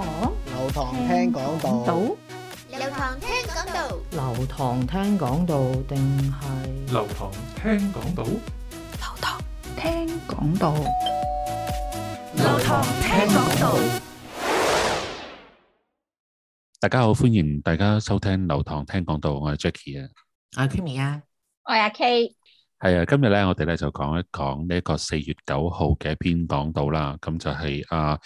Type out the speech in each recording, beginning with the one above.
流堂聽講道，流堂聽講道，流堂聽講道定係流堂聽講道，流堂聽講道，流堂聽講道。大家好，歡迎大家收聽流堂聽講道，我係 Jacky 啊，阿 Kimi 啊，我係阿 K，係啊，今日咧我哋咧就講一講呢一個四月九號嘅一篇講道啦，咁就係啊。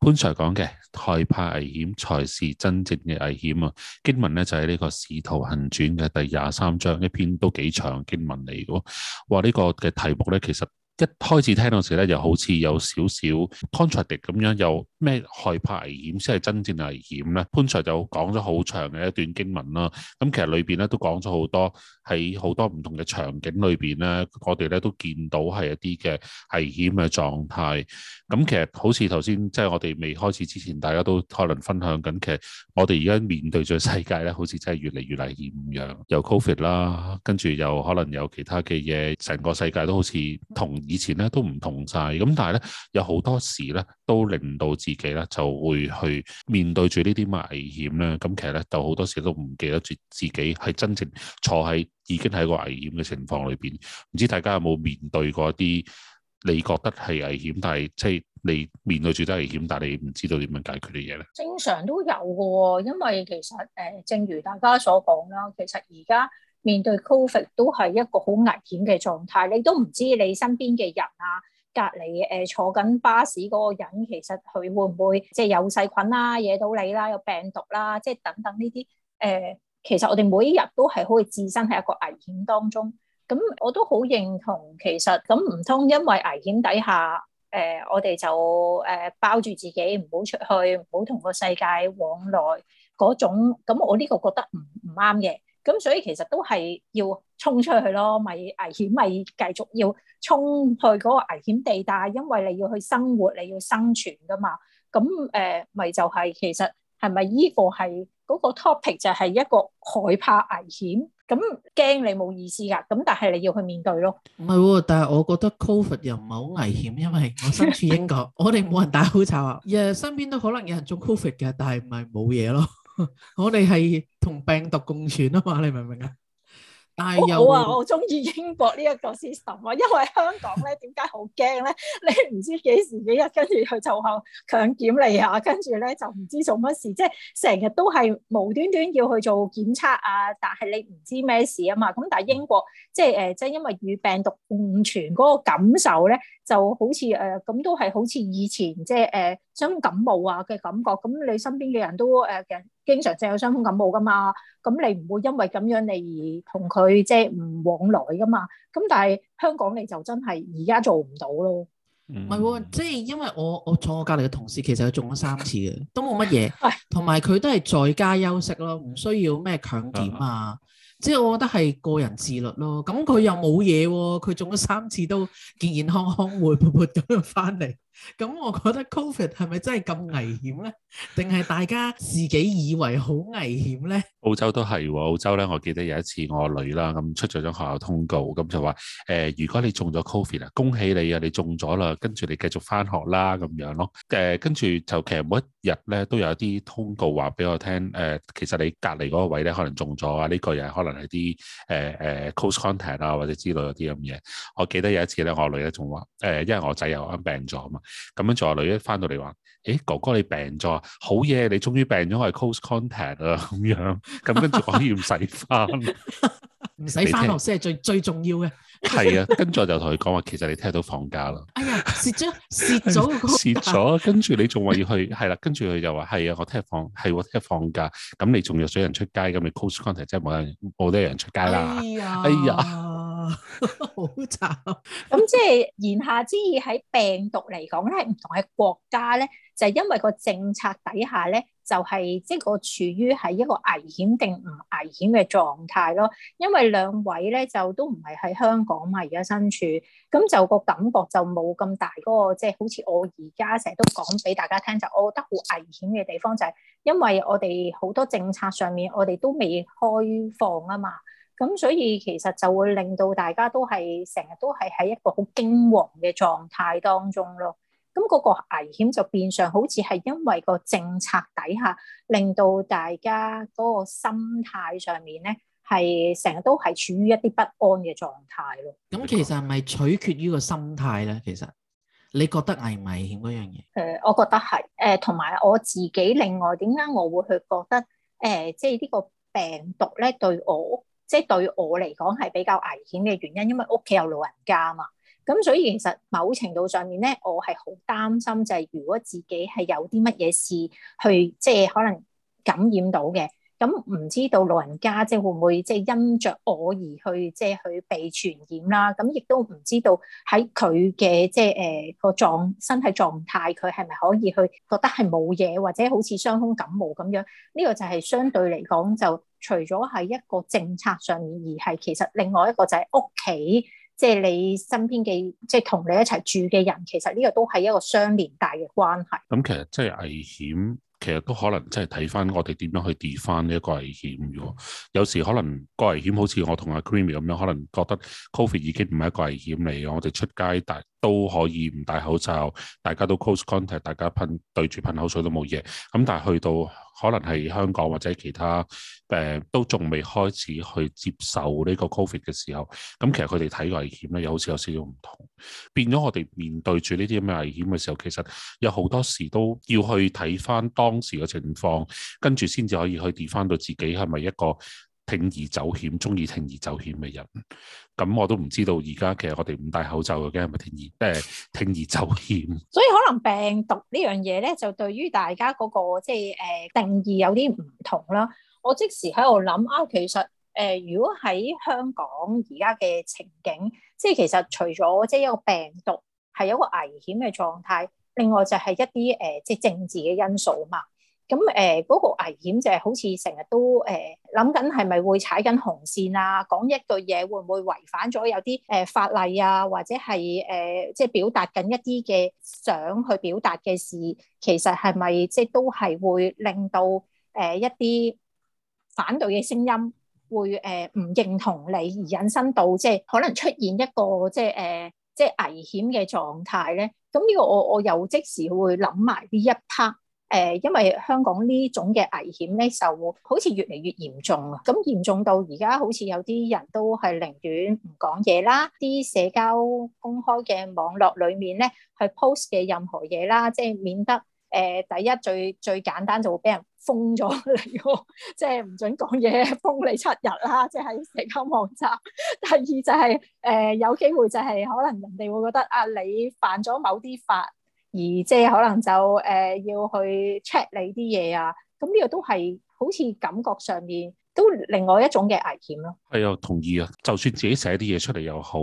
潘 Sir 講嘅害怕危險才是真正嘅危險啊！經文咧就喺、是、呢、這個《使徒行傳》嘅第廿三章一篇，都幾長經文嚟嘅。話呢、這個嘅題目咧，其實一開始聽到時咧，又好似有少少 contradict 咁樣，又有咩害怕危險先係真正危險咧？潘 Sir 就講咗好長嘅一段經文啦。咁其實裏邊咧都講咗好多。喺好多唔同嘅場景裏邊咧，我哋咧都見到係一啲嘅危險嘅狀態。咁其實好似頭先，即係我哋未開始之前，大家都可能分享緊嘅。其實我哋而家面對住世界咧，好似真係越嚟越嚟危險，有 Covid 啦，跟住又可能有其他嘅嘢，成個世界都好似同以前咧都唔同晒。咁但係咧，有好多時咧。都令到自己咧，就會去面對住呢啲咁嘅危險咧。咁其實咧，就好多時都唔記得住自己係真正坐喺已經喺一個危險嘅情況裏邊。唔知大家有冇面對過一啲你覺得係危險，但係即係你面對住都危險，但係你唔知道點樣解決嘅嘢咧？正常都有嘅，因為其實誒、呃，正如大家所講啦，其實而家面對 Covid 都係一個好危險嘅狀態，你都唔知你身邊嘅人啊。隔離誒坐緊巴士嗰個人，其實佢會唔會即係有細菌啦、惹到你啦、有病毒啦，即係等等呢啲誒。其實我哋每一日都係可以置身喺一個危險當中。咁我都好認同，其實咁唔通因為危險底下誒、呃，我哋就誒包住自己，唔好出去，唔好同個世界往來嗰種。咁我呢個覺得唔唔啱嘅。咁所以其實都係要衝出去咯，咪危險咪繼續要衝去嗰個危險地帶，但係因為你要去生活，你要生存噶嘛，咁誒咪就係、是、其實係咪依個係嗰、那個 topic 就係一個害怕危險，咁驚你冇意思噶，咁但係你要去面對咯。唔係喎，但係我覺得 Covid 又唔係好危險，因為我身處英國， 我哋冇人打口罩啊，誒、yeah，身邊都可能有人中 Covid 嘅，但係唔係冇嘢咯。 我哋係同病毒共存啊嘛，你明唔明、哦、啊？但係又我我中意英國呢一個 system 啊，因為香港咧點解好驚咧？你唔知幾時幾日跟住去就下強檢嚟下，跟住咧就唔知做乜事，即係成日都係無端端要去做檢測啊。但係你唔知咩事啊嘛。咁但係英國即係誒，即係、呃、因為與病毒共存嗰個感受咧，就好似誒咁都係好似以前即係誒。呃傷風感冒啊嘅感覺，咁你身邊嘅人都誒，人、呃、經常即係有傷風感冒噶嘛，咁你唔會因為咁樣你而同佢即係唔往來噶嘛，咁但係香港你就真係而家做唔到咯，唔係喎，即係、 嗯就是、因為我我坐我隔籬嘅同事其實佢中咗三次嘅，都冇乜嘢，同埋佢都係在家休息咯，唔需要咩強檢啊，即係唉我覺得係個人自律咯，咁佢又冇嘢喎，佢中咗三次都健健康康活活活咁樣翻嚟。咁我覺得 COVID 係咪真係咁危險咧？定係大家自己以為好危險咧、啊？澳洲都係喎，澳洲咧，我記得有一次我女啦，咁出咗張學校通告，咁就話誒、呃，如果你中咗 COVID 啊，恭喜你啊，你中咗啦，跟住你繼續翻學啦，咁樣咯。誒、呃，跟住就其實每一日咧，都有一啲通告話俾我聽，誒、呃，其實你隔籬嗰個位咧，可能中咗啊，呢、這個又可能係啲誒誒 close contact 啊，或者之類嗰啲咁嘢。我記得有一次咧，我女咧仲話，誒、呃，因為我仔又啱病咗啊嘛。咁樣做下女一，翻到嚟話，誒哥哥你病咗啊，好嘢，你終於病咗，我係 close contact 啊，咁樣，咁跟住我亦唔使翻，唔使翻學先係最最重要嘅。係啊，跟住我就同佢講話其實你聽日都放假啦。哎呀，蝕咗蝕咗嗰個，蝕咗，跟住你仲話要去，係啦，跟住佢就話係啊，我聽日放，係我聽日放假，咁你仲約咗人出街，咁你 close contact 即係冇人，冇得人出街啦，哎呀。好慘！咁 醜即係言下之意，喺病毒嚟講咧，係唔同嘅國家咧，就因為個政策底下咧，就係即係個處於喺一個危險定唔危險嘅狀態咯。因為兩位咧就都唔係喺香港嘛，而家身處，咁就個感覺就冇咁大嗰個，即係好似我而家成日都講俾大家聽，就我覺得好危險嘅地方就係，因為我哋好多政策上面，我哋都未開放啊嘛。咁所以其實就會令到大家都係成日都係喺一個好驚惶嘅狀態當中咯。咁嗰個危險就變相好似係因為個政策底下，令到大家嗰個心態上面咧係成日都係處於一啲不安嘅狀態咯。咁其實係咪取決於個心態咧？其實你覺得危唔危險嗰樣嘢？誒，我覺得係誒，同埋我自己另外點解我會去覺得誒，即係呢個病毒咧對我？即係對我嚟講係比較危險嘅原因，因為屋企有老人家嘛，咁所以其實某程度上面咧，我係好擔心就係如果自己係有啲乜嘢事去，去即係可能感染到嘅。.咁唔知道老人家即係會唔會即係因着我而去即係去被傳染啦？咁亦都唔知道喺佢嘅即係誒個狀身體狀態佢係咪可以去覺得係冇嘢，或者好似傷風感冒咁樣，呢個就係相對嚟講就除咗係一個政策上面，而係其實另外一個就係屋企，即係你身邊嘅，即係同你一齊住嘅人，其實呢個都係一個相連帶嘅關係，咁其實即係危險。其實都可能即係睇翻我哋點樣去 d 避翻呢一個危險。如果有時可能個危險好似我同阿 Creamy 咁樣，可能覺得 Covid 已經唔係一個危險嚟嘅，我哋出街戴都可以唔戴口罩，大家都 close contact，大家噴對住噴口水都冇嘢。咁、嗯、但係去到可能係香港或者其他誒、呃，都仲未開始去接受呢個 Covid 嘅時候，咁、嗯、其實佢哋睇危險咧，又好似有少少唔同。變咗我哋面對住呢啲咁嘅危險嘅時候，其實有好多時都要去睇翻當時嘅情況，跟住先至可以去掂翻到自己係咪一個鋌而走險，中意鋌而走險嘅人，咁我都唔知道。而家其實我哋唔戴口罩嘅，係咪鋌而誒鋌而走險？所以可能病毒呢樣嘢咧，就對於大家嗰個即係誒定義有啲唔同啦。我即時喺度諗啊，其實誒，如果喺香港而家嘅情景，即係其實除咗即係一個病毒係有個危險嘅狀態，另外就係一啲誒即係政治嘅因素啊嘛。咁誒嗰個危險就係好似成日都誒諗緊係咪會踩緊紅線啊？講一句嘢會唔會違反咗有啲誒法例啊？或者係誒即係表達緊一啲嘅想去表達嘅事，其實係咪即係都係會令到誒一啲反對嘅聲音會誒唔認同你而引申到即係可能出現一個即係誒即係危險嘅狀態咧？咁呢個我我又即時會諗埋呢一 part。誒，因為香港呢種嘅危險咧，就好似越嚟越嚴重啊！咁嚴重到而家好似有啲人都係寧願唔講嘢啦，啲社交公開嘅網絡裡面咧，去 post 嘅任何嘢啦，即係免得誒第一最最簡單就會俾人封咗你，即係唔准講嘢，封你七日啦，即係喺社交網站。 第二就係誒有機會就係可能人哋會覺得啊，你犯咗某啲法。而即係可能就誒、呃、要去 check 你啲嘢啊，咁、嗯、呢、這個都係好似感覺上面都另外一種嘅危險咯。係啊，我同意啊，就算自己寫啲嘢出嚟又好，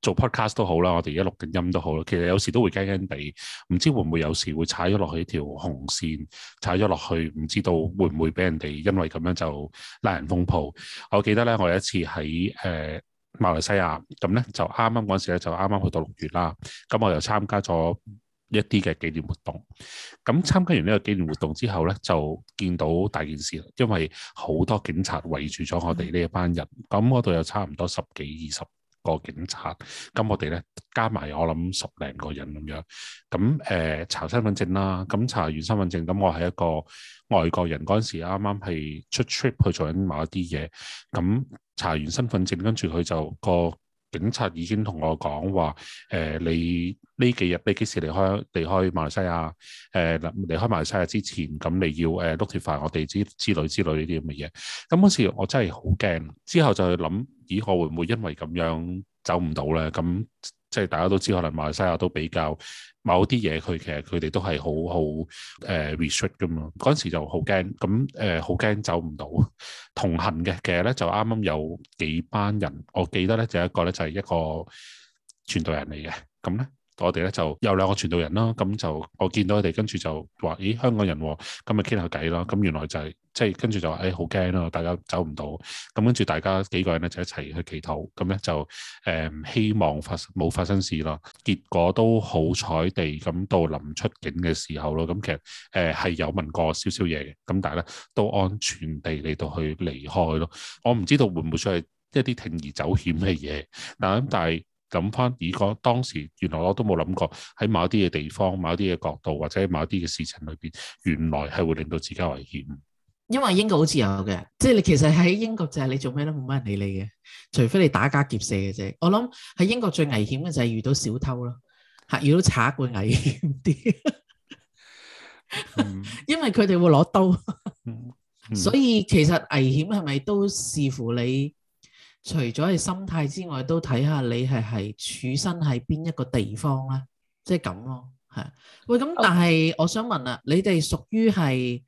做 podcast 都好啦，我哋而家錄緊音都好啦。其實有時都會驚驚地，唔知會唔會有時會踩咗落去條紅線，踩咗落去唔知道會唔會俾人哋因為咁樣就拉人封鋪。我記得咧，我有一次喺誒、呃、馬來西亞，咁咧就啱啱嗰陣時咧就啱啱去到六月啦，咁我又參加咗。一啲嘅紀念活動，咁參加完呢個紀念活動之後呢，就見到大件事啦，因為好多警察圍住咗我哋呢一班人，咁嗰度有差唔多十幾二十個警察，咁我哋呢，加埋我諗十零個人咁樣，咁誒、呃、查身份證啦，咁查完身份證，咁我係一個外國人嗰陣時，啱啱係出 trip 去做緊某一啲嘢，咁查完身份證，跟住佢就個。警察已經同我講話，誒、呃，你呢幾日你幾時離開離開馬來西亞？誒、呃，離開馬來西亞之前，咁你要誒 notify 我哋之類之類之類呢啲咁嘅嘢。咁嗰時我真係好驚，之後就去諗，咦，我會唔會因為咁樣走唔到咧？咁。即係大家都知，可能馬來西亞都比較某啲嘢，佢其實佢哋都係好好誒 research 噶嘛。嗰陣時就好驚，咁誒好驚走唔到同行嘅。其實咧就啱啱有幾班人，我記得咧就一個咧就係一個傳道人嚟嘅，咁咧。我哋咧就有兩個傳道人啦，咁就我見到佢哋，跟住就話：咦，香港人喎，咁咪傾下偈咯。咁原來就係即係跟住就話：哎，好驚咯，大家走唔到。咁跟住大家幾個人咧就一齊去祈禱，咁咧就誒、嗯、希望發冇發生事咯。結果都好彩地咁到臨出境嘅時候咯。咁其實誒係、呃、有問過少少嘢嘅，咁但係咧都安全地嚟到去離開咯。我唔知道會唔會算係一啲鋌而走險嘅嘢。嗱咁，但係。但諗翻，如果當時原來我都冇諗過喺某啲嘅地方，某啲嘅角度或者某啲嘅事情裏邊，原來係會令到自己危險。因為英國好自由嘅，即係你其實喺英國就係你做咩都冇乜人理你嘅，除非你打家劫舍嘅啫。我諗喺英國最危險嘅就係遇到小偷咯，吓，遇到賊會危險啲， 因為佢哋會攞刀。嗯、 所以其實危險係咪都視乎你？除咗係心態之外，都睇下你係係處身喺邊一個地方咧，即係咁咯，係。喂，咁但係我想問啦，你哋屬於係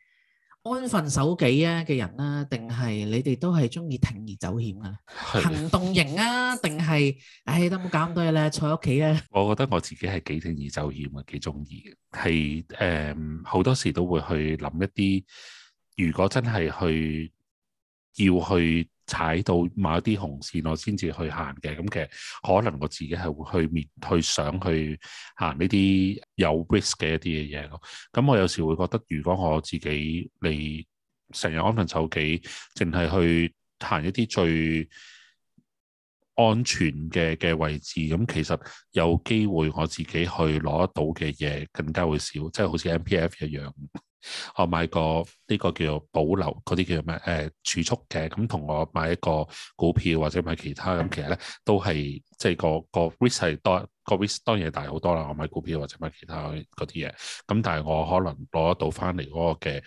安分守己啊嘅人咧，定係你哋都係中意鋌而走險嘅行動型啊？定係唉都冇搞咁多嘢咧，坐屋企咧。我覺得我自己係幾鋌而走險嘅，幾中意嘅，係誒好多時都會去諗一啲，如果真係去。要去踩到某一啲紅線，我先至去行嘅。咁其實可能我自己係會去面去想去行呢啲有 risk 嘅一啲嘅嘢咯。咁我有時會覺得，如果我自己嚟成日安分守己，淨係去行一啲最安全嘅嘅位置，咁其實有機會我自己去攞得到嘅嘢更加會少，即係好似 MPF 一樣。我買個呢個叫做保留嗰啲叫做咩誒儲蓄嘅，咁同我買一個股票或者買其他，咁其實咧都係即係個個 risk 係多，個 risk 當然大好多啦。我買股票或者買其他嗰啲嘢，咁但係我可能攞得到翻嚟嗰個嘅。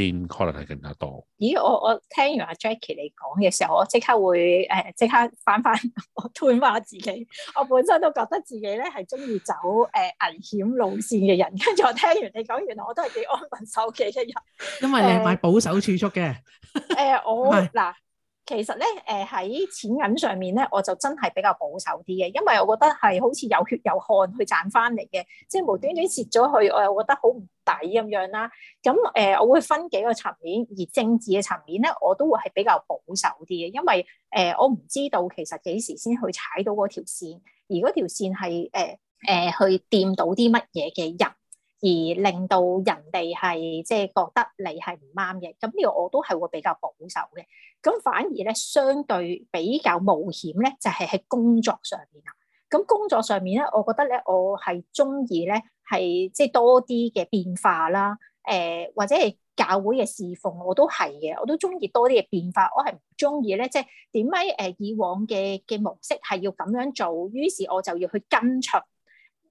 見可能係更加多。咦！我我聽完阿 Jackie 你講嘅時候，我即刻會誒即、呃、刻翻翻，我轉翻我自己。我本身都覺得自己咧係鍾意走誒、呃、危險路線嘅人，跟住我聽完你講，原來我都係幾安分守己嘅一人。因為你係買保守儲蓄嘅。誒、呃 呃、我嗱。 其實咧，誒喺錢銀上面咧，我就真係比較保守啲嘅，因為我覺得係好似有血有汗去賺翻嚟嘅，即係無端端蝕咗去，我又覺得好唔抵咁樣啦。咁誒、呃，我會分幾個層面，而政治嘅層面咧，我都會係比較保守啲嘅，因為誒、呃、我唔知道其實幾時先去踩到嗰條線，而嗰條線係誒、呃呃、去掂到啲乜嘢嘅人。而令到人哋係即係覺得你係唔啱嘅，咁呢個我都係會比較保守嘅。咁反而咧，相對比較冒險咧，就係喺工作上面啦。咁工作上面咧，我覺得咧，我係中意咧，係即係多啲嘅變化啦。誒、呃，或者係教會嘅侍奉，我都係嘅，我都中意多啲嘅變化。我係唔中意咧，即係點解誒以往嘅嘅模式係要咁樣做，於是我就要去跟隨。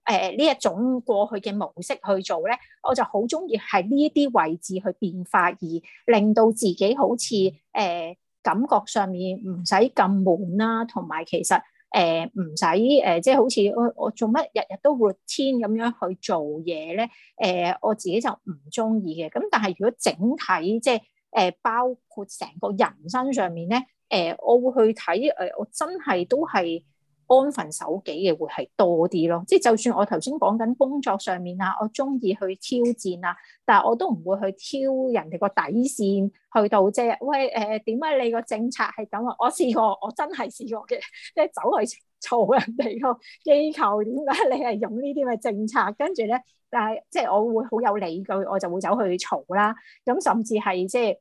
誒呢一種過去嘅模式去做咧，我就好中意喺呢一啲位置去變化，而令到自己好似誒、呃、感覺上面唔使咁悶啦，同埋其實誒唔使誒即係好似我我做乜日日都 routine 咁樣去做嘢咧，誒、呃、我自己就唔中意嘅。咁但係如果整體即係誒、呃、包括成個人生上面咧，誒、呃、我會去睇誒、呃，我真係都係，安分守己嘅會係多啲咯，即係就算我頭先講緊工作上面啊，我中意去挑戰啊，但係我都唔會去挑人哋個底線去到啫、即係。喂，誒點解你個政策係咁啊？我試過，我真係試過嘅，即 係走去嘈人哋個機構點解你係用呢啲嘅政策？跟住咧，但係即係我會好有理據，我就會走去嘈啦。咁甚至係即係。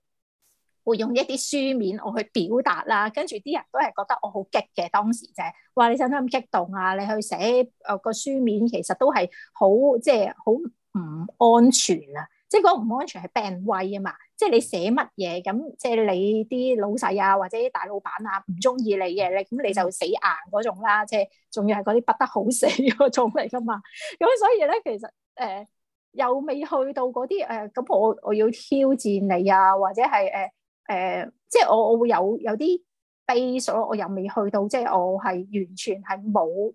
會用一啲書面我去表達啦，跟住啲人都係覺得我好激嘅當時啫、就係。話你真係咁激動啊！你去寫個書面其實都係好即係好唔安全啊！即係個唔安全係病危啊嘛！即係你寫乜嘢咁，即係你啲老細啊或者啲大老闆啊唔中意你嘅，你咁你就死硬嗰種啦、啊，即係仲要係嗰啲不得好死嗰種嚟噶嘛。咁所以咧，其實誒、呃、又未去到嗰啲誒，咁、呃、我我要挑戰你啊，或者係誒。呃誒、呃，即係我我會有有啲悲所，我又未去到，即係我係完全係冇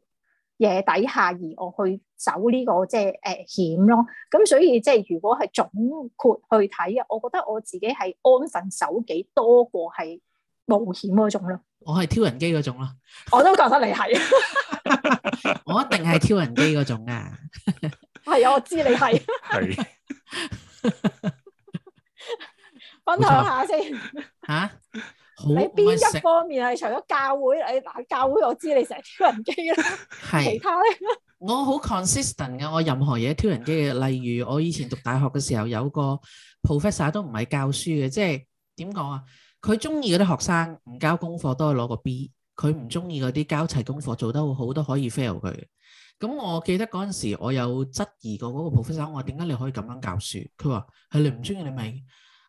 嘢底下而我去走呢、這個即係誒險咯。咁所以即係如果係總括去睇，我覺得我自己係安分守己多過係冒險嗰種咯。我係挑人機嗰種咯， 我都覺得你係， 我一定係挑人機嗰種啊。係 啊， 我知你係。係。 分享下先嚇，你邊一方面係除咗教會？誒，嗱，教會我知你成日挑人機啦，其他咧？我好 consistent 㗎。我任何嘢挑人機嘅，例如我以前讀大學嘅時候，有個 professor 都唔係教書嘅，即係點講啊？佢中意嗰啲學生唔交功課都係攞個 B，佢唔中意嗰啲交齊功課做得好好都可以 fail 佢。咁我記得嗰陣時，我有質疑過嗰個 professor，我話點解你可以咁樣教書？佢話係你唔中意，你咪。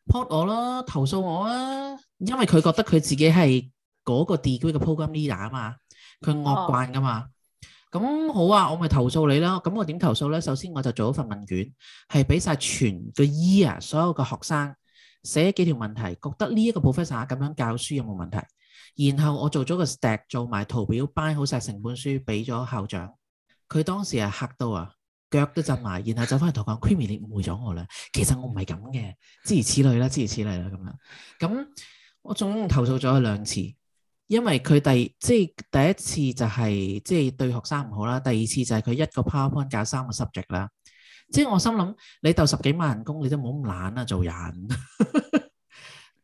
po 我啦，投訴我啦，因為佢覺得佢自己係嗰個 degree 嘅 program leader 啊嘛，佢惡慣噶嘛，咁、哦、好啊，我咪投訴你啦，咁我點投訴咧？首先我就做咗份問卷，係俾晒全個 year 啊，所有嘅學生寫幾條問題，覺得呢一個 professor 咁樣教書有冇問題？然後我做咗個 stack，做埋圖表，擺好晒成本書俾咗校長，佢當時係嚇到啊！腳都震埋，然後走翻嚟同我講：Creamy，你誤會咗我啦，其實我唔係咁嘅。諸如此類啦，諸如此類啦，咁樣。咁我總共投訴咗兩次，因為佢第即係第一次就係、是、即係對學生唔好啦，第二次就係佢一個 PowerPoint 搞三個 subject 啦。即係我心諗，你賺十幾萬人工，你都冇咁懶啊，做人。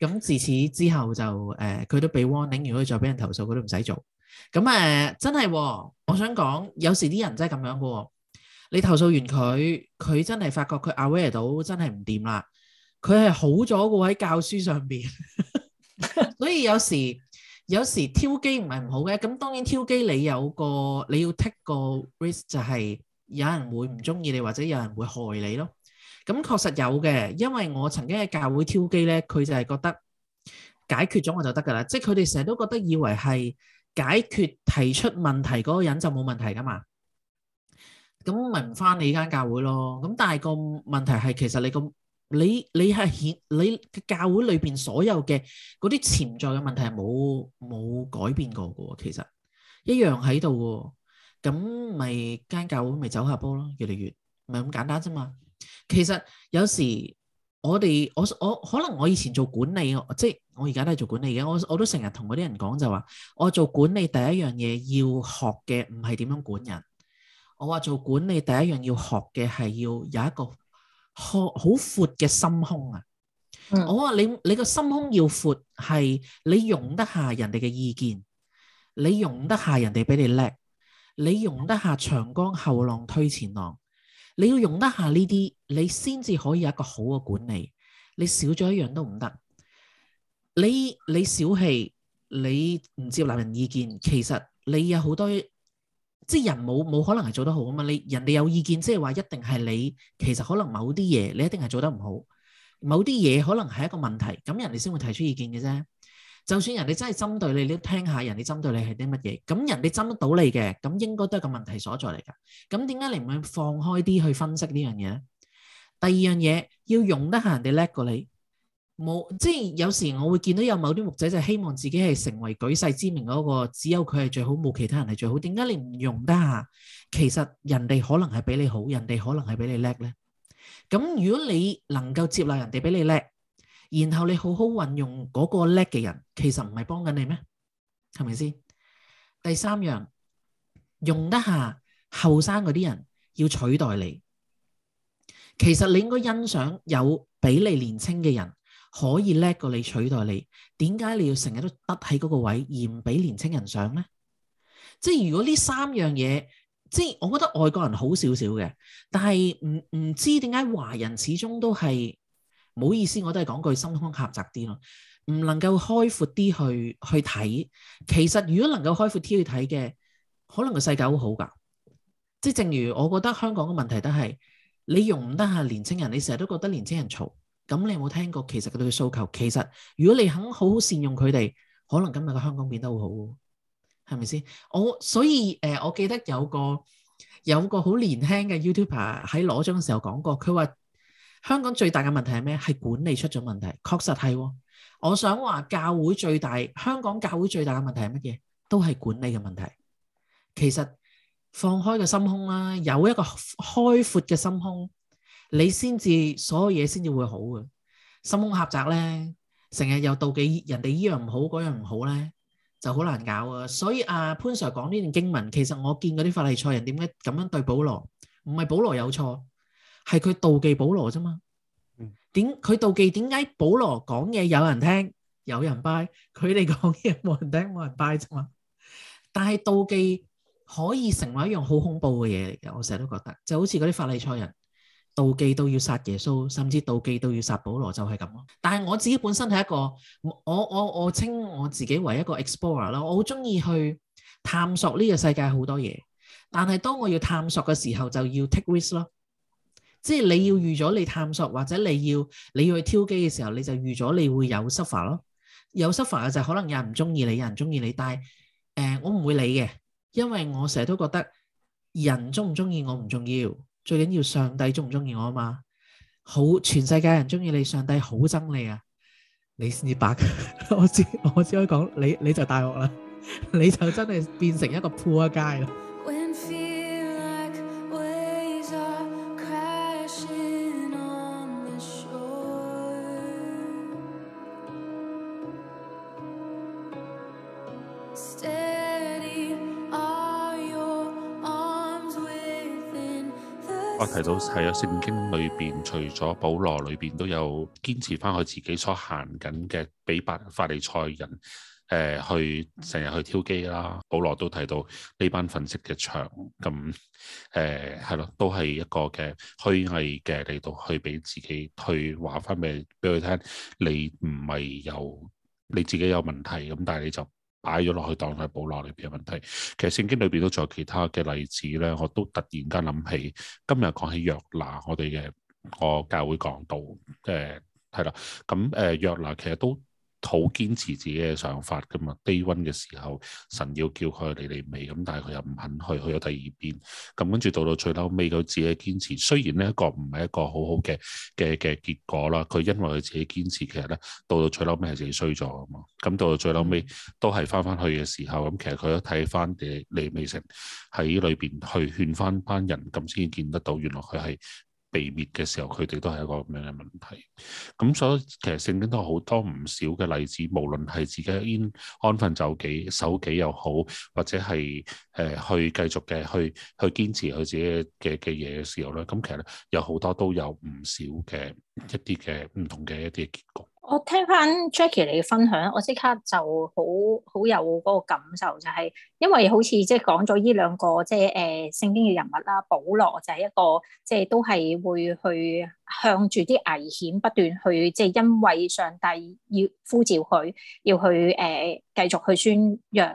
咁 自此之後就誒，佢、呃、都被 warning，如果再俾人投訴，佢都唔使做。咁誒、呃，真係、哦，我想講，有時啲人真係咁樣噶。你投訴完佢，佢真係發覺佢 Aware 到真係唔掂啦。佢係好咗過喺教書上邊，所以有時有時挑機唔係唔好嘅。咁當然挑機你有個你要 take 個 risk 就係有人會唔中意你，或者有人會害你咯。咁確實有嘅，因為我曾經喺教會挑機咧，佢就係覺得解決咗我就得噶啦。即係佢哋成日都覺得以為係解決提出問題嗰個人就冇問題噶嘛。咁咪唔翻你間教會咯？咁但係個問題係，其實你個你你係顯你教會裏邊所有嘅嗰啲潛在嘅問題係冇冇改變過㗎喎，其實一樣喺度㗎喎。咁咪間教會咪走下坡咯，越嚟越唔係咁咁簡單啫嘛。其實有時我哋我我可能我以前做管理，即係我而家都係做管理嘅。我我都成日同嗰啲人講就話，我做管理第一樣嘢要學嘅唔係點樣管人。我話做管理第一樣要學嘅係要有一個好好闊嘅心胸啊！嗯、我話你你個心胸要闊，係你容得下人哋嘅意見，你容得下人哋比你叻，你容得下長江後浪推前浪，你要容得下呢啲，你先至可以有一個好嘅管理。你少咗一樣都唔得。你你小氣，你唔接納人意見，其實你有好多。即係人冇冇可能係做得好啊嘛？你人哋有意見，即係話一定係你，其實可能某啲嘢你一定係做得唔好，某啲嘢可能係一個問題，咁人哋先會提出意見嘅啫。就算人哋真係針對你，你都聽下人哋針對你係啲乜嘢，咁人哋針對到你嘅，咁應該都係個問題所在嚟㗎。咁點解你唔去放開啲去分析呢樣嘢呢？第二樣嘢要用得下人哋叻過你。冇，即係有時我會見到有某啲木仔就希望自己係成為舉世知名嗰個，只有佢係最好，冇其他人係最好。點解你唔容得下？其實人哋可能係比你好，人哋可能係比你叻咧。咁如果你能夠接納人哋比你叻，然後你好好運用嗰個叻嘅人，其實唔係幫緊你咩？係咪先？第三樣，容得下後生嗰啲人要取代你，其實你應該欣賞有比你年輕嘅人。可以叻過你取代你，點解你要成日都得喺嗰個位而唔俾年青人上咧？即係如果呢三樣嘢，即係我覺得外國人好少少嘅，但係唔唔知點解華人始終都係，唔好意思，我都係講句心胸狹窄啲咯，唔能夠開闊啲去去睇。其實如果能夠開闊啲去睇嘅，可能個世界好好㗎。即係正如我覺得香港嘅問題都係你容唔得下年青人，你成日都覺得年青人嘈。咁你有冇聽過？其實佢哋嘅訴求，其實如果你肯好好善用佢哋，可能今日嘅香港變得好好，啊，係咪先？我所以誒、呃，我記得有個有個好年輕嘅 YouTuber 喺攞獎嘅時候講過，佢話香港最大嘅問題係咩？係管理出咗問題，確實係，哦。我想話教會最大，香港教會最大嘅問題係乜嘢？都係管理嘅問題。其實放開個心胸啦，啊，有一個開闊嘅心胸。你先至所有嘢先至會好嘅，心胸狹窄咧，成日又妒忌人哋呢樣唔好，嗰樣唔好咧，就好難搞啊！所以阿潘 Sir 講呢段經文，其實我見嗰啲法利賽人點解咁樣對保羅，唔係保羅有錯，係佢妒忌保羅啫嘛。嗯，點佢妒忌點解保羅講嘢有人聽，有人拜，佢哋講嘢冇人聽，冇人拜啫嘛。但係妒忌可以成為一樣好恐怖嘅嘢嚟嘅，我成日都覺得，就好似嗰啲法利賽人。妒忌都要殺耶穌，甚至妒忌都要殺保羅，就係咁咯。但係我自己本身係一個，我我我稱我，我自己為一個 explorer 啦，我好中意去探索呢個世界好多嘢。但係當我要探索嘅時候，就要 take risk 咯，即係你要預咗你探索或者你要你要去挑機嘅時候，你就預咗你會有 suffer 咯，有 suffer 嘅就可能有人唔中意你，有人中意你，但係誒、呃、我唔會理嘅，因為我成日都覺得人中唔中意我唔重要。最緊要上帝中唔中意我啊嘛，好全世界人中意你，上帝好憎你啊，你先至白， 我只我只可以講你，你就大鑊啦， 你就真係變成一個 poor guy 啦。我提到係啊，聖經裏邊，除咗保羅裏邊都有堅持翻佢自己所行緊嘅，比伯法利賽人誒、呃、去成日去挑機啦。保羅都提到呢班粉色嘅牆，咁誒係咯，都係一個嘅虛偽嘅地度，去俾自己去話翻俾俾佢聽，你唔係有你自己有問題，咁但係你就。擺咗落去當係保羅裏邊嘅問題，其實聖經裏邊都仲有其他嘅例子咧，我都突然間諗起今日講起約拿，我哋嘅我教會講到，即係係啦，咁誒約拿其實都。好堅持自己嘅想法㗎嘛？低溫嘅時候，神要叫佢去尼尼微咁，但係佢又唔肯去，去咗第二邊。咁跟住到到最後尾，佢自己堅持。雖然呢一個唔係一個好好嘅嘅嘅結果啦。佢因為佢自己堅持，其實咧到到最後尾係自己衰咗㗎嘛。咁到到最後尾都係翻翻去嘅時候，咁其實佢都睇翻嘅尼尼微城喺裏邊去勸翻班人，咁先見得到原來佢係。被滅嘅時候，佢哋都係一個咁樣嘅問題。咁所以其實聖經都好多唔少嘅例子，無論係自己安分就己、守己又好，或者係誒、呃、去繼續嘅去去堅持佢自己嘅嘅嘢嘅時候咧，咁其實咧有好多都有唔少嘅。一啲嘅唔同嘅一啲結果，我聽翻 Jackie 你嘅分享，我即刻就好好有嗰個感受，就是，就係因為好似即係講咗呢兩個即係誒聖經嘅人物啦，保羅就係一個即係都係會去向住啲危險不斷去，即係因為上帝要呼召佢要去誒、呃、繼續去宣揚誒、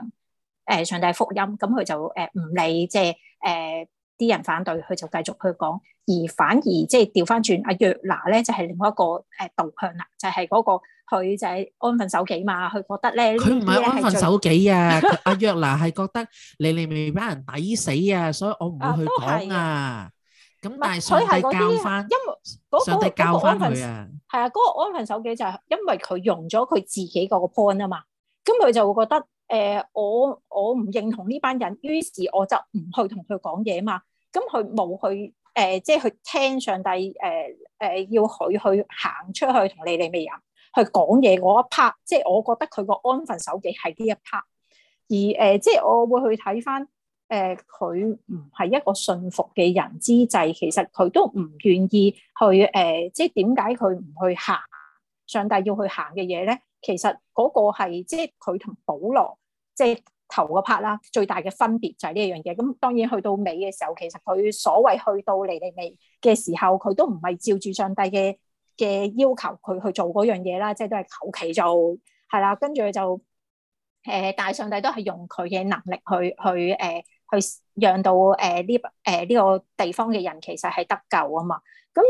呃、上帝福音，咁佢就誒唔、呃、理即係誒。就是呃啲人反對，佢就繼續去講，而反而即係調翻轉阿約拿咧，就係另外一個誒導向啦，就係嗰個佢就係安分守己嘛，佢覺得咧，佢唔係安分守己啊，阿約拿係覺得你你咪班人抵死啊，所以我唔會去講啊。咁但係上帝教翻，因為嗰個嗰個安分係啊，嗰個安分守己就係因為佢用咗佢自己個 point 啊嘛，咁佢就會覺得誒我我唔認同呢班人，於是我就唔去同佢講嘢嘛。咁佢冇去誒，即係去聽上帝誒誒、呃呃呃，要佢去行出去同利利未人去講嘢嗰一 part，即係我覺得佢個安分守己係呢一 part。而誒，即、呃、係、就是、我會去睇返誒，佢唔係一個信服嘅人之際，其實佢都唔願意去誒，即係點解佢唔去行上帝要去行嘅嘢咧？其實嗰個係即係佢同保羅即係。就是頭嗰 part 啦，最大嘅分別就係呢一樣嘢。咁當然去到尾嘅時候，其實佢所謂去到嚟嚟未嘅時候，佢都唔係照住上帝嘅嘅要求佢去做嗰樣嘢啦，即係都係求其做。係啦。跟住就誒、呃，但係上帝都係用佢嘅能力去去誒、呃、去讓到誒呢誒呢個地方嘅人其實係得救啊嘛。咁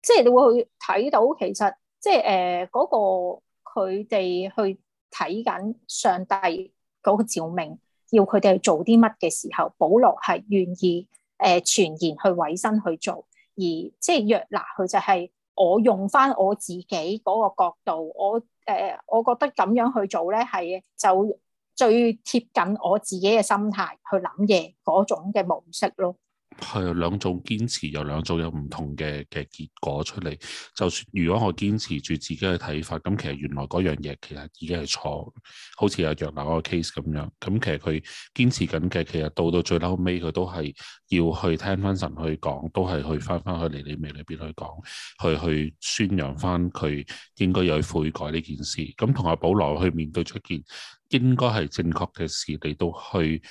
即係你會去睇到其實即係誒嗰個佢哋去睇緊上帝。嗰個召命，要佢哋去做啲乜嘅時候，保羅係願意誒全然去委身去做，而即係約拿佢就係我用翻我自己嗰個角度，我誒、呃、我覺得咁樣去做咧，係就最貼近我自己嘅心態去諗嘢嗰種嘅模式咯。係兩種堅持，兩有兩種有唔同嘅嘅結果出嚟。就算如果我堅持住自己嘅睇法，咁其實原來嗰樣嘢其實已經係錯，好似阿約拿個 case 咁樣。咁其實佢堅持緊嘅，其實到到最後尾，佢都係要去聽翻神去講，都係去翻翻去利未記裏邊去講，去去宣揚翻佢應該有去悔改呢件事。咁同阿保羅去面對出件應該係正確嘅事，你都去。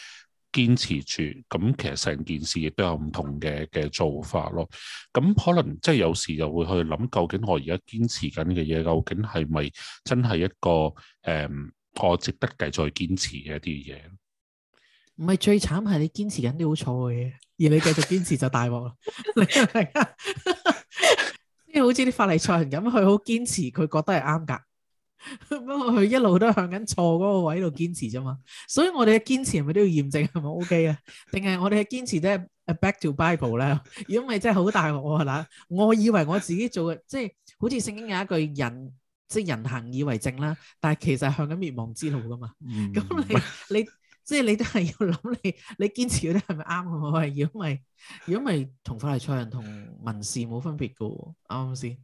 堅持住，咁其實成件事亦都有唔同嘅嘅做法咯。咁可能即係有時又會去諗，究竟我而家堅持緊嘅嘢，究竟係咪真係一個誒、嗯、我值得繼續堅持嘅一啲嘢？唔係最慘係你堅持緊啲好錯嘅嘢，而你繼續堅持就大鑊啦！即係 好似啲法例賽人咁，佢好堅持，佢覺得係啱㗎。不過佢一路都向緊錯嗰個位度堅持啫嘛，所以我哋嘅堅持係咪都要驗證係咪 OK 啊？定係我哋嘅堅持都係 back to Bible 咧？如果唔係真係好大鑊嗱，我，我以為我自己做嘅，即係，好似聖經有一句人即係、就是、人行以為正啦，但係其實向緊滅亡之路噶嘛。咁、嗯、你你即係 你、就是、你都係要諗你你堅持嗰啲係咪啱啊？如果唔係如果唔係同法利賽人同文士冇分別噶喎，啱唔啱先？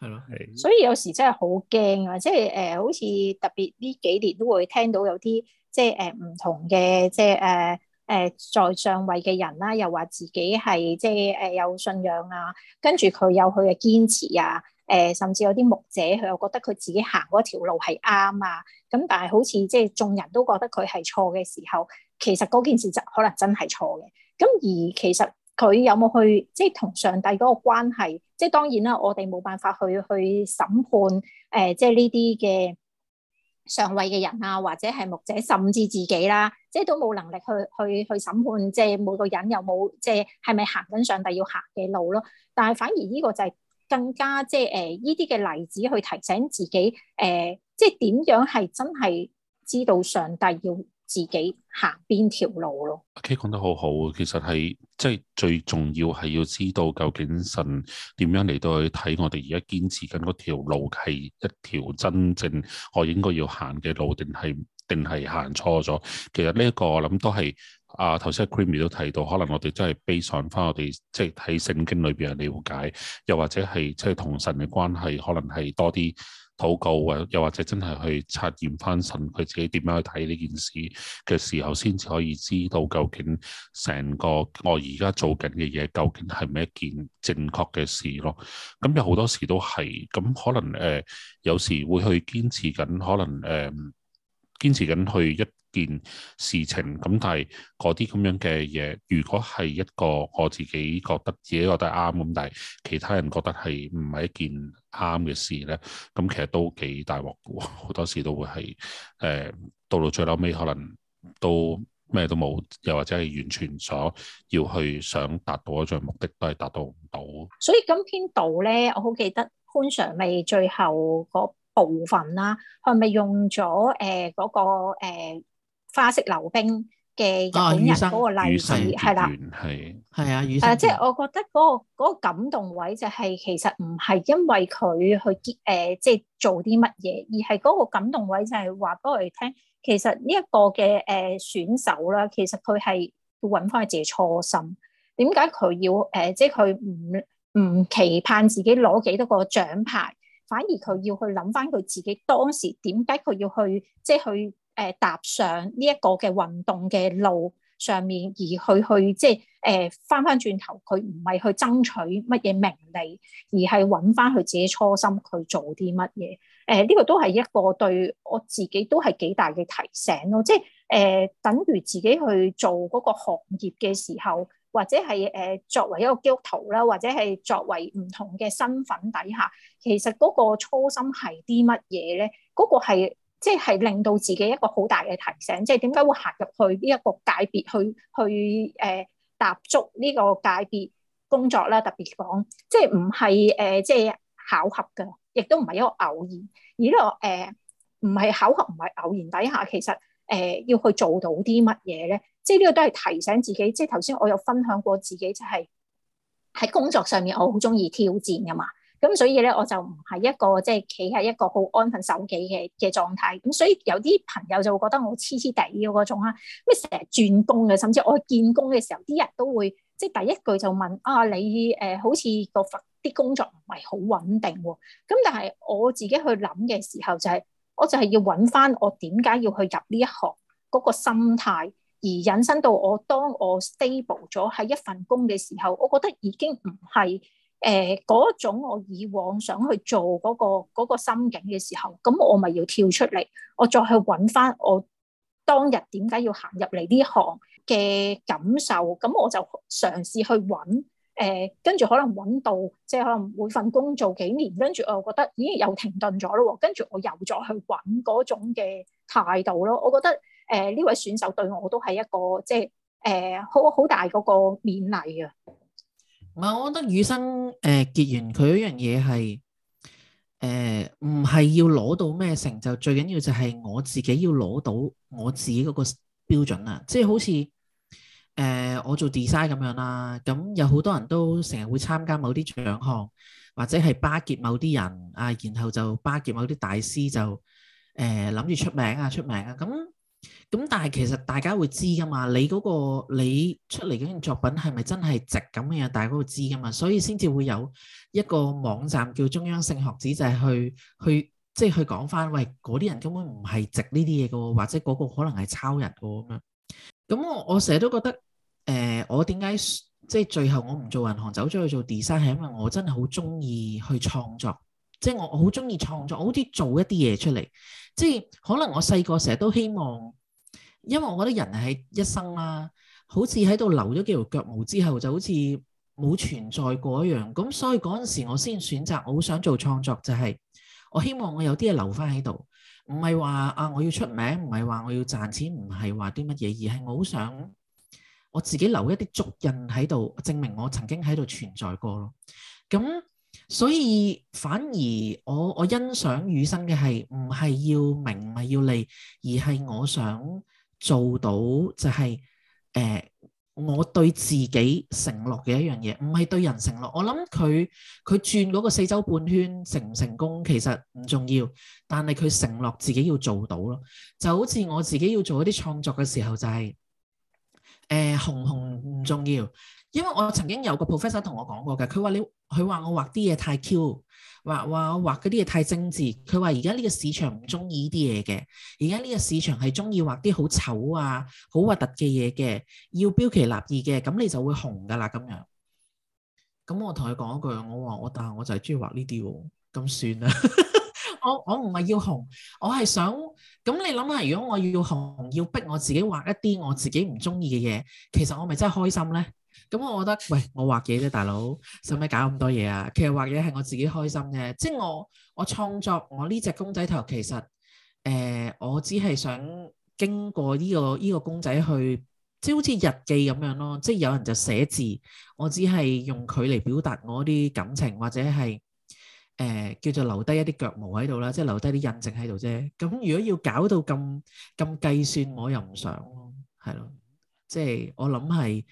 係咯，係。所以有時真係好驚啊，即係誒、呃，好似特別呢幾年都會聽到有啲即係誒唔同嘅，即係誒誒在上位嘅人啦，又話自己係即係誒、呃、有信仰啊，跟住佢有佢嘅堅持啊，誒、呃，甚至有啲牧者，佢又覺得佢自己行嗰條路係啱啊，咁但係好似即係眾人都覺得佢係錯嘅時候，其實嗰件事就可能真係錯嘅。咁而其實。佢有冇去即係同上帝嗰個關係？即係當然啦，我哋冇辦法去去審判誒、呃，即係呢啲嘅上位嘅人啊，或者係牧者，甚至自己啦，即係都冇能力去去去審判，即係每個人有冇即係係咪行緊上帝要行嘅路咯？但係反而呢個就係更加即係誒呢啲嘅例子去提醒自己誒、呃，即係點樣係真係知道上帝要。自己行邊條路咯？K 講得好好，其實係即係最重要係要知道究竟神點樣嚟到去睇我哋而家堅持緊嗰條路，係一條真正我應該要行嘅路，定係定係行錯咗？其實呢一個我諗都係啊，頭先阿 Creamy 都提到，可能我哋真係悲傷翻我哋即係喺聖經裏邊嘅了解，又或者係即係同神嘅關係，可能係多啲禱告啊，又或者真係去察驗返神，佢自己點樣去睇呢件事嘅時候，先至可以知道究竟成個我而家做緊嘅嘢，究竟係咪一件正確嘅事咯？咁有好多時都係咁，可能誒、呃、有時會去堅持緊，可能誒。呃堅持緊去一件事情咁，但係嗰啲咁樣嘅嘢，如果係一個我自己覺得自己覺得啱咁，但係其他人覺得係唔係一件啱嘅事呢？咁其實都幾大鑊，好多時都會係誒到到最嬲尾，可能都咩都冇，又或者係完全所要去想達到一項目的，都係達到唔到。所以今天度呢，我好記得潘常 i 最後、那個部分啦，係咪用咗誒嗰個誒花式溜冰嘅日本人嗰個例子？係啦，係啊，係啊。誒，即係我覺得嗰個嗰個感動位就係其實唔係因為佢去誒即係做啲乜嘢，而係嗰個感動位就係話俾我哋聽，其實呢一個嘅誒選手啦，其實佢係要揾翻佢自己初心。點解佢要誒？即係佢唔唔期盼自己攞幾多個獎牌？反而佢要去諗翻佢自己當時點解佢要去即係、就是、去誒踏上呢一個嘅運動嘅路上面，而去去即係誒翻翻轉頭，佢唔係去爭取乜嘢名利，而係揾翻佢自己初心，佢做啲乜嘢？誒、這、呢個都係一個對我自己都係幾大嘅提醒咯，即係誒、呃、等於自己去做嗰個行業嘅時候。或者係誒作為一個基督徒啦，或者係作為唔同嘅身份底下，其實嗰個初心係啲乜嘢咧？嗰、嗰個係即係令到自己一個好大嘅提醒，即係點解會行入去呢一個界別去去誒、呃、踏足呢個界別工作啦？特別講即係唔係誒即係巧合嘅，亦都唔係一個偶然，而呢、呢個誒唔係巧合，唔係偶然底下，其實誒、呃、要去做到啲乜嘢咧？即呢個都係提醒自己，即係頭先我有分享過自己，就係、是、喺工作上面我好鍾意挑戰㗎嘛。咁所以咧，我就唔係一個即係企喺一個好安分守己嘅嘅狀態。咁所以有啲朋友就會覺得我黐黐地嘅嗰種啊，咩成日轉工嘅，甚至我去見工嘅時候，啲人都會即係第一句就問啊，你誒、呃、好似個份啲工作唔係好穩定喎。咁但係我自己去諗嘅時候，就是，就係我就係要搵返我點解要去入呢一行嗰個心態。而引申到我，當我 stable 咗喺一份工嘅時候，我覺得已經唔係誒嗰種我以往想去做嗰、嗰個、嗰個心境嘅時候，咁我咪要跳出嚟，我再去揾翻我當日點解要行入嚟呢行嘅感受，咁我就嘗試去揾誒，跟、呃、住可能揾到即係可能每份工做幾年，跟住我又覺得咦又停頓咗咯，跟住我又再去揾嗰種嘅態度咯，我覺得。誒呢位選手對我我都係一個即係誒好好大嗰個勉勵啊！唔係，我覺得羽生誒結弦佢一樣嘢係誒唔係要攞到咩成就，最緊要就係我自己要攞到我自己嗰個標準啊！即係好似誒我做 design 咁樣啦，咁有好多人都成日會參加某啲獎項，或者係巴結某啲人啊，然後就巴結某啲大師就誒諗住出名啊出名啊咁。咁但係其實大家會知噶嘛，你嗰個你出嚟嗰件作品係咪真係值咁嘅嘢？大家會知噶嘛，所以先至會有一個網站叫中央聖學寺，就係去去即係去講翻，喂嗰啲人根本唔係值呢啲嘢噶，或者嗰個可能係抄人噶咁樣。咁我我成日都覺得，誒，我點解即係最後我唔做銀行，走咗去做 design，係因為我真係好中意去創作，即係我，我好中意創作，好似做一啲嘢出嚟。即係可能我細個成日都希望，因為我覺得人係一生啦，啊，好似喺度留咗幾條腳毛之後，就好似冇存在過一樣。咁所以嗰陣時我先選擇，我好想做創作，就係，就係我希望我有啲嘢留返喺度，唔係話啊我要出名，唔係話我要賺錢，唔係話啲乜嘢，而係我好想我自己留一啲足印喺度，證明我曾經喺度存在過咯。咁。所以反而我我欣賞羽生嘅，係唔係要名，唔係要利，而係我想做到就係、是、誒、呃、我對自己承諾嘅一樣嘢，唔係對人承諾。我諗佢佢轉嗰個四周半圈成唔成功其實唔重要，但係佢承諾自己要做到咯，就好似我自己要做一啲創作嘅時候就係、是、誒、呃、紅紅唔重要。因為我曾經有個 professor 同我講過嘅，佢話你佢話我畫啲嘢太 Q，話話我畫嗰啲嘢太精致。佢話而家呢個市場唔中意呢啲嘢嘅，而家呢個市場係中意畫啲好醜啊、好核突嘅嘢嘅，要標奇立異嘅，咁你就會紅噶啦咁樣。咁我同佢講一句，我話我但係我就係中意畫呢啲、哦，咁算啦。 我我唔係要紅，我係想咁你諗下，如果我要紅，要逼我自己畫一啲我自己唔中意嘅嘢，其實我咪真係開心咧？咁、嗯、我覺得，喂，我畫嘢啫，大佬，使唔使搞咁多嘢啊？其實畫嘢係我自己開心嘅，即係我我創作我呢隻公仔頭，其實誒、呃，我只係想經過呢個呢個公仔去，即係好似日記咁樣咯，即係有人就寫字，我只係用佢嚟表達我啲感情，或者係誒、呃、叫做留低一啲腳毛喺度啦，即係留低啲印證喺度啫。咁、嗯、如果要搞到咁咁計算，我又唔想咯，係咯，即係我諗係。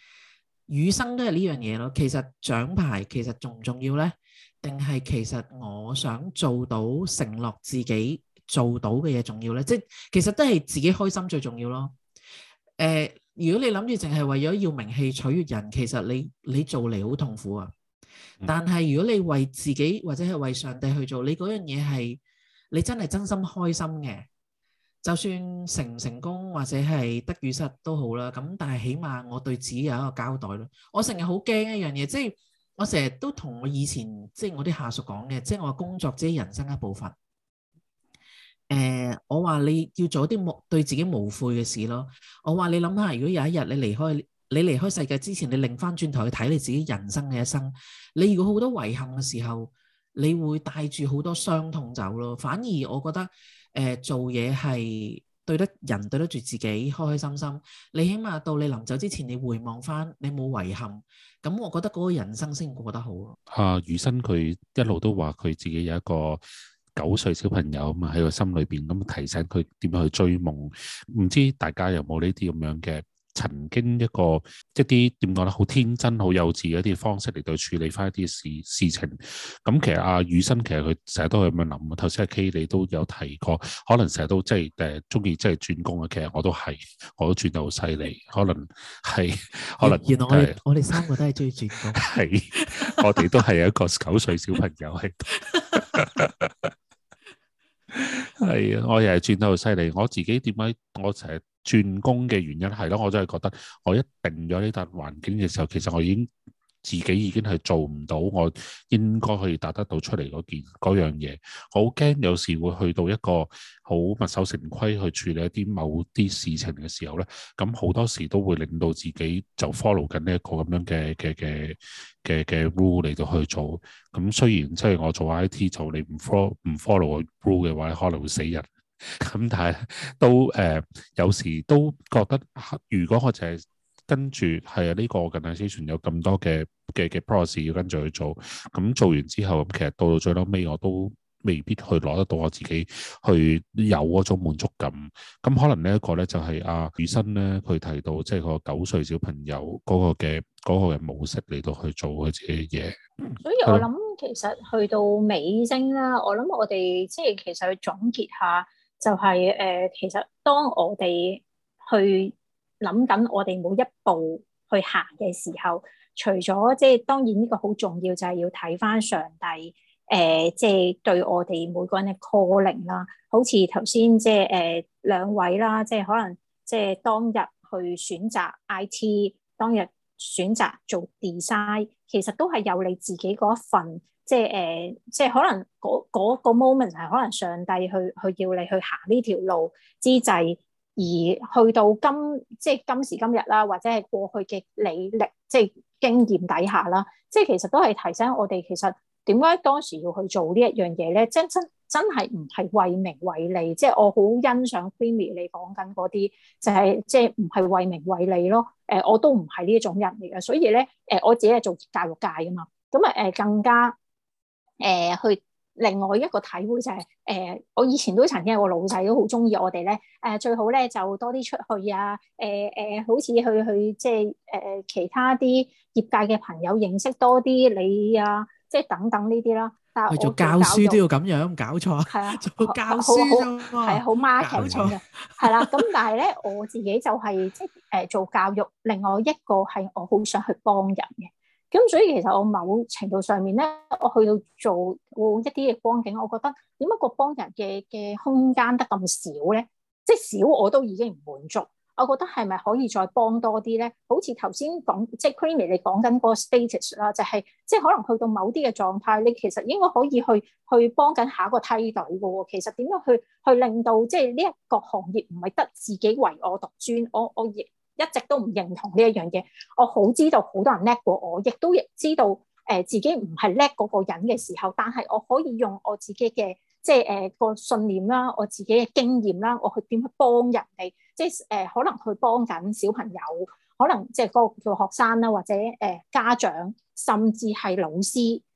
餘生都係呢樣嘢咯。其實獎牌其實重唔重要呢？定係其實我想做到承諾自己做到嘅嘢重要呢？即係其實都係自己開心最重要咯。誒、呃，如果你諗住淨係為咗要名氣取悅人，其實你你做嚟，好痛苦啊。但係如果你為自己或者係為上帝去做，你嗰樣嘢係你真係真心開心嘅。就算成唔成功或者係得與失都好啦，咁但係起碼我對自己有一個交代咯。我成日好驚一樣嘢，即係我成日都同我以前即係我啲下屬講嘅，即係我話工作只係人生一部分。誒、呃，我話你要做啲冇對自己無悔嘅事咯。我話你諗下，如果有一日你離開你離開世界之前，你擰翻轉頭去睇你自己人生嘅一生，你如果好多遺憾嘅時候，你會帶住好多傷痛走咯。反而我覺得。誒、呃、做嘢係對得人對得住自己，開開心心。你起碼到你臨走之前，你回望翻，你冇遺憾。咁我覺得嗰個人生先過得好啊。羽生佢一路都話佢自己有一個九歲小朋友啊喺個心裏邊，咁提醒佢點樣去追夢。唔知大家有冇呢啲咁樣嘅？曾經一個一啲點講咧，好天真、好幼稚嘅一啲方式嚟到處理返一啲事事情。咁、嗯、其實阿、啊、羽生其實佢成日都係咁諗。頭先阿 K 你都有提過，可能成日都即係誒中意即係轉工啊。其實我都係，我都轉得好犀利。可能係，可能原來我哋、呃、我哋三個都係中意轉工。係 我哋都係一個九歲小朋友喺度。係啊，我又係轉得好犀利。我自己點解我成日……轉工嘅原因係咯，我真係覺得我一定咗呢笪環境嘅時候，其實我已經自己已經係做唔到我應該可以達得到出嚟嗰件嗰樣嘢。我好驚有時會去到一個好墨守成規去處理一啲某啲事情嘅時候咧，咁好多時都會令到自己就 follow 緊呢一個咁樣嘅嘅嘅嘅嘅 rule 嚟到去做。咁雖然即係我做 IT 做你唔 follow fo 唔 follow 個 rule 嘅話，可能會死人。咁、嗯、但係都誒、呃，有時都覺得，如果我就係跟住係啊呢、這個近體資訊有咁多嘅嘅嘅 process 要跟住去做，咁、嗯、做完之後，嗯、其實到到最嬲尾，我都未必去攞得到我自己去有嗰種滿足感。咁、嗯、可能呢一個咧就係、是、阿、啊、羽生咧，佢提到即係、就是、個九歲小朋友嗰個嘅、那個嘅模式嚟到去做佢自己嘅嘢。所以我諗、嗯，其實去到尾聲啦，我諗我哋即係其實去總結下。就係、是、誒、呃，其實當我哋去諗緊我哋每一步去行嘅時候，除咗即係當然呢個好重要，就係、是、要睇翻上帝誒、呃，即係對我哋每個人嘅 calling 啦。好似頭先即係誒兩位啦，即係、呃、可能即係當日去選擇 IT，當日選擇做 design，其實都係有你自己嗰一份。即係誒、呃，即係可能嗰個 moment 係可能上帝去去叫你去行呢條路之際，而去到今即係今時今日啦，或者係過去嘅履歷，歷，即係經驗底下啦，即係其實都係提醒我哋其實點解當時要去做呢一樣嘢咧？真真真係唔係為名為利。即係我好欣賞 Creamy 你講緊嗰啲，就係、是、即係唔係為名為利咯？誒、呃，我都唔係呢一種人嚟嘅，所以咧誒、呃，我自己係做教育界噶嘛，咁啊誒更加。誒、呃，去另外一個體會就係、是，誒、呃，我以前都曾經有個老細都好中意我哋咧，誒、呃，最好咧就多啲出去啊，誒、呃、誒、呃，好似去去即係誒其他啲業界嘅朋友認識多啲你啊，即係等等呢啲啦。但係做教書都要咁樣搞錯？係啊，做教書、哦、啊嘛，係好 marketing 嘅，係啦錯。咁、 啊、但係咧，我自己就係即係誒做教育，另外一個係我好想去幫人嘅。咁所以其實我某程度上面咧，我去到做一啲嘅光景，我覺得點解個幫人嘅嘅空間得咁少咧？即係少我都已經唔滿足。我覺得係咪可以再幫多啲咧？好似頭先講，即係 Creamy 你講緊嗰個 status 啦，就係即係可能去到某啲嘅狀態，你其實應該可以去去幫緊下一個梯隊嘅喎。其實點樣去去令到即係呢一個行業唔係得自己唯我獨尊？我我亦～一直都唔認同呢一樣嘢，我好知道好多人叻過我，亦都亦知道誒、呃、自己唔係叻嗰個人嘅時候，但係我可以用我自己嘅即係誒、呃、個信念啦，我自己嘅經驗啦，我去點去幫人哋，即係誒、呃、可能去幫緊小朋友，可能即係嗰個學生啦，或者誒、呃、家長，甚至係老師，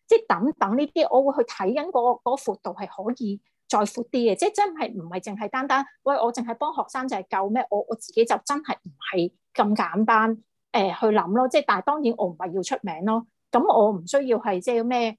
即係等等呢啲，我會去睇緊嗰個嗰個幅度係可以。再闊啲嘅，即係真係唔係淨係單單，喂，我淨係幫學生就係夠咩？我我自己就真係唔係咁簡單誒、呃、去諗咯。即係，但係當然我唔係要出名咯。咁我唔需要係即係咩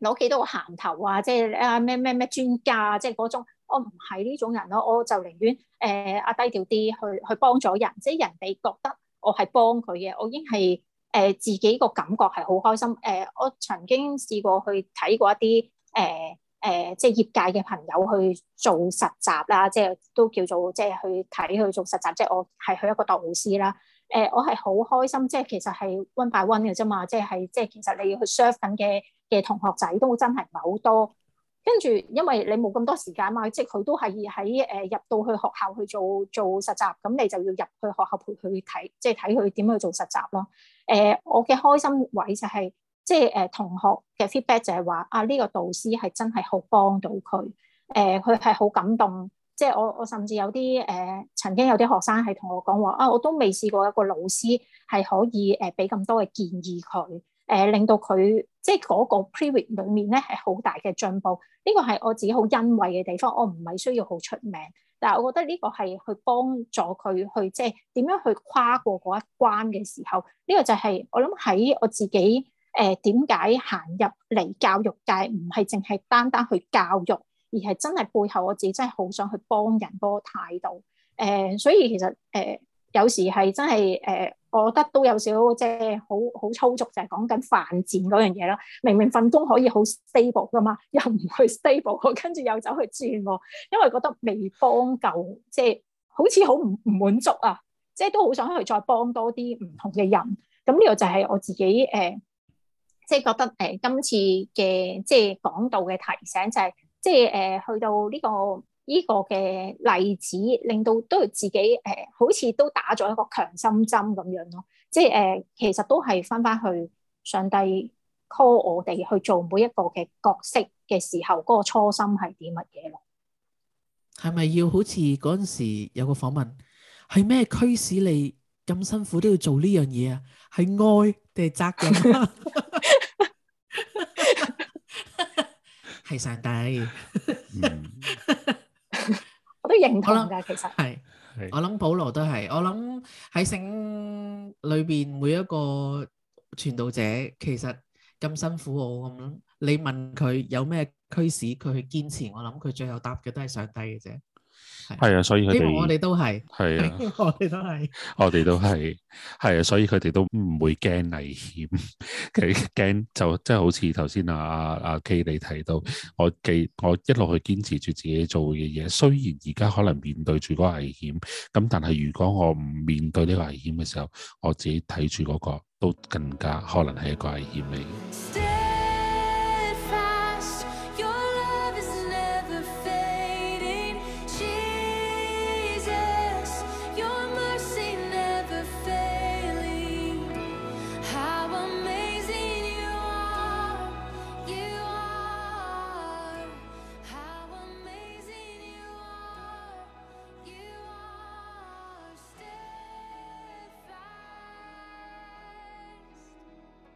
攞幾多個銜頭啊？即係啊咩咩咩專家啊？即係嗰種，我唔係呢種人咯。我就寧願誒啊、呃、低調啲去去幫助人，即係人哋覺得我係幫佢嘅，我已經係誒、呃、自己個感覺係好開心。誒、呃，我曾經試過去睇過一啲誒。呃誒、呃，即係業界嘅朋友去做實習啦，即係都叫做即係去睇去做實習。即係我係去一個導師啦。誒、呃，我係好開心，即係其實係 one by one 嘅啫嘛。即係即係其實你要去 serve 緊嘅嘅同學仔都真係唔係好多。跟住因為你冇咁多時間啊嘛，即係佢都係喺誒入到去學校去做做實習，咁你就要入去學校陪佢睇，即係睇佢點樣去做實習咯。誒、呃，我嘅開心位就係、是、～即係誒，同學嘅 feedback 就係話啊，呢、這個導師係真係好幫到佢誒，佢係好感動。即、就、係、是、我我甚至有啲誒、呃，曾經有啲學生係同我講話啊，我都未試過一個老師係可以誒俾咁多嘅建議佢誒、呃，令到佢即係嗰個 private 裏面咧係好大嘅進步。呢個係我自己好欣慰嘅地方。我唔係需要好出名，但係我覺得呢個係去幫助佢去即係點樣去跨過嗰一關嘅時候，呢、這個就係、是、我諗喺我自己。誒，點解行入嚟教育界唔係淨係單單去教育，而係真係背後我自己真係好想去幫人嗰個態度。誒、呃，所以其實誒、呃、有時係真係誒、呃，我覺得都有少即係好好操縱，就係講緊犯賤嗰樣嘢咯。明明份工可以好 stable 噶嘛，又唔去 stable，跟住又走去轉喎，因為覺得未幫夠，即係好似好唔唔滿足啊！即係都好想去再幫多啲唔同嘅人。咁呢個就係我自己誒。呃即係覺得誒、呃，今次嘅即係講到嘅提醒就係、是，即係誒、呃、去到呢、這個呢、這個嘅例子，令到都要自己誒、呃，好似都打咗一個強心針咁樣咯。即係誒、呃，其實都係翻翻去上帝 call 我哋去做每一個嘅角色嘅時候，嗰、那個初心係點乜嘢咯？係咪要好似嗰陣時有個訪問，係咩驅使你咁辛苦都要做呢樣嘢啊？係愛定係責任？ 係上帝， 我都認同噶。想其實係是，我諗保羅都係，我諗喺聖裏邊每一個傳道者，其實咁辛苦我，我咁樣，你問佢有咩驅使佢去堅持，我諗佢最後答嘅都係上帝嘅啫。係啊，所以佢哋我哋都係，係啊，我哋都係，我哋都係，係啊，所以佢哋都唔會驚危險，佢驚就即係好似頭先阿啊啊 K 你提到，我記我一路去堅持住自己做嘅嘢，雖然而家可能面對住嗰個危險，咁但係如果我唔面對呢個危險嘅時候，我自己睇住嗰個都更加可能係一個危險嚟。